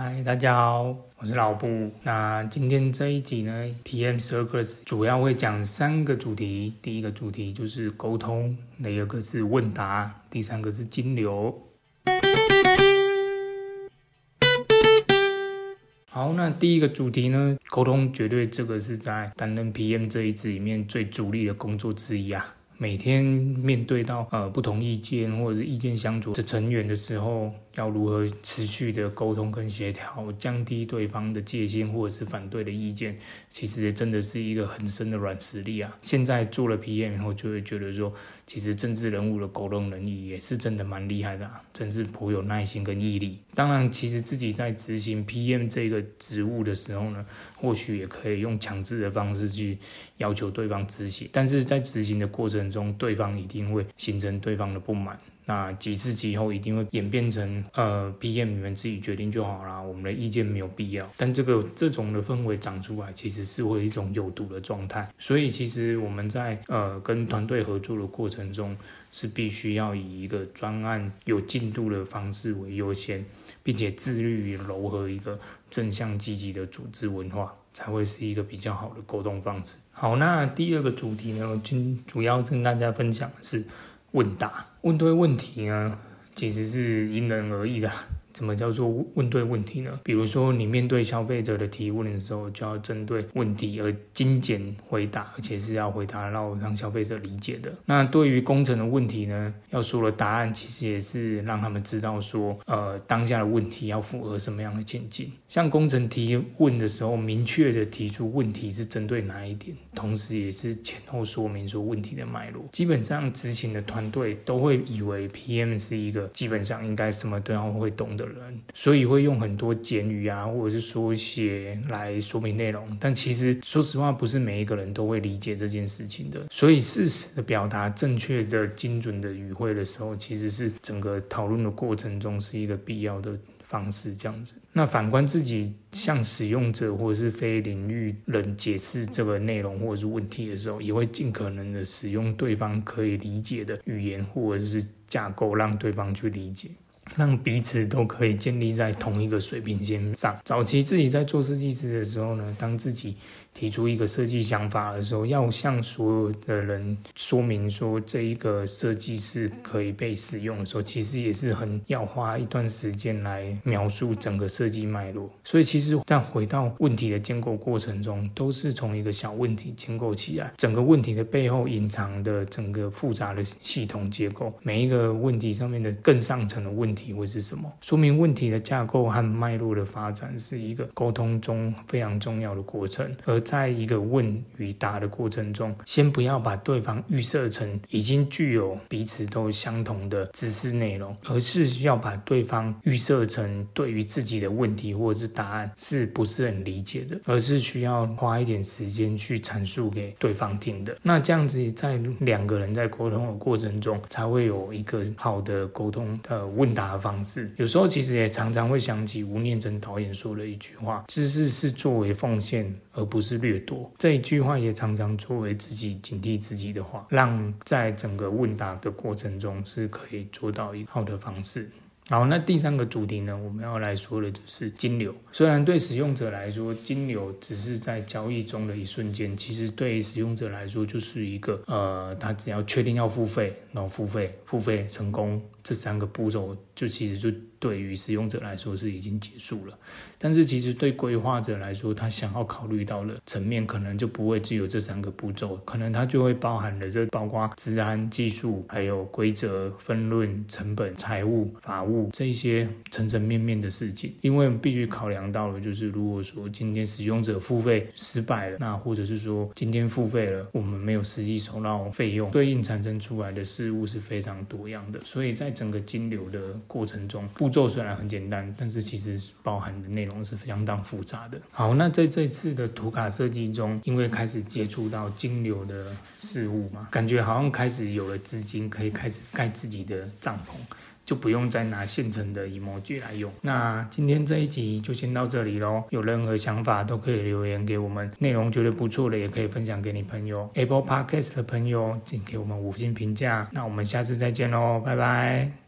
嗨，Hi, 大家好，我是老布。那今天這一集呢，PM Circus 主要會講三個主題。第一個主題就是溝通，第二個是問答，第三個是金流。好，那第一個主題呢，溝通絕對這個是在擔任 PM 這一職裡面最主力的工作之一啊。每天面對到呃不同意見或者是意見相左的成員的時候，要如何持續的溝通跟協調，降低對方的戒心或者是反對的意見，其實也真的是一個很深的軟實力啊。現在做了 PM 以後，就會覺得說，其實政治人物的溝通能力也是真的蠻厲害的啊，真是頗有耐心跟毅力。當然，其實自己在執行 PM 這個職務的時候呢，或許也可以用強制的方式去要求對方執行，但是在執行的過程中對方一定會形成對方的不滿，那幾次之後一定會演變成呃 PM 你們自己決定就好啦，我們的意見沒有必要。但這個這種的氛圍長出來，其實是會一種有毒的狀態。所以其實我們在呃跟團隊合作的過程中，是必須要以一個專案有進度的方式為優先，並且致力於揉合一個正向積極的組織文化。才會是一個比較好的溝通方式。好，那第二個主題呢，我今天主要跟大家分享的是問答。問對問題呢，其實是因人而異的。什麼叫做問對問題呢？比如說你面對消費者的提問的時候，就要針對問題而精簡回答，而且是要回答讓讓消費者理解的。那對於工程的問題呢，要說的答案其實也是讓他們知道說，呃，當下的問題要符合什麼樣的前景。像工程提問的時候，明確的提出問題是針對哪一點，同時也是前後說明說問題的脈絡。基本上執行的團隊都會以為 PM 是一個基本上應該什麼都要會懂的。所以會用很多簡語啊，或者是縮寫來說明內容。但其實說實話，不是每一個人都會理解這件事情的。所以，適時的表達正確的、精準的語彙的時候，其實是整個討論的過程中是一個必要的方式。這樣子，那反觀自己向使用者或者是非領域人解釋這個內容或者是問題的時候，也會盡可能的使用對方可以理解的語言或者是架構，讓對方去理解。讓彼此都可以建立在同一個水平線上。早期自己在做設計師的時候呢，當自己提出一個設計想法的時候，要向所有的人說明說這一個設計是可以被使用的時候，其實也是很要花一段時間來描述整個設計脈絡。所以其實，但回到問題的建構過程中，都是從一個小問題建構起來，整個問題的背後隱藏的整個複雜的系統結構，每一個問題上面的更上層的問題。題會是什麼？說明問題的架構和脈絡的發展是一個溝通中非常重要的過程。而在一個問與答的過程中，先不要把對方預設成已經具有彼此都相同的知識內容，而是需要把對方預設成對於自己的問題或者是答案是不是很理解的，而是需要花一點時間去闡述給對方聽的。那這樣子，在兩個人在溝通的過程中，才會有一個好的溝通的問答方式。有時候其實也常常會想起吳念真導演說的一句話：“知識是作為奉獻，而不是掠奪。”這一句話也常常作為自己警惕自己的話，讓在整個問答的過程中是可以做到一個好的方式。好，那第三個主題呢？我們要來說的就是金流。雖然對使用者來說，金流只是在交易中的一瞬間，其實對於使用者來說就是一個呃，他只要確定要付費，然後付費、付費成功這三個步驟，就其實就對於使用者來說是已經結束了。但是其實對規劃者來說，他想要考慮到的層面，可能就不會只有這三個步驟，可能他就會包含了這包括資安、技術、還有規則、分論、成本、財務、法務。這一些層層面面的事情，因為我們必須考量到了，就是如果說今天使用者付費失敗了，那或者是說今天付費了，我們沒有實際收到費用，對應產生出來的事物是非常多樣的。所以在整個金流的過程中，步驟雖然很簡單，但是其實包含的內容是相當複雜的。好，那在這次的圖卡設計中，因為開始接觸到金流的事物嘛，感覺好像開始有了資金，可以開始蓋自己的帳篷。就不用再拿現成的 Emoji 來用。那今天這一集就先到這裡嘍。有任何想法都可以留言給我們，內容覺得不錯的也可以分享給你朋友。Apple Podcast 的朋友，請給我們五星評價。那我們下次再見嘍，拜拜。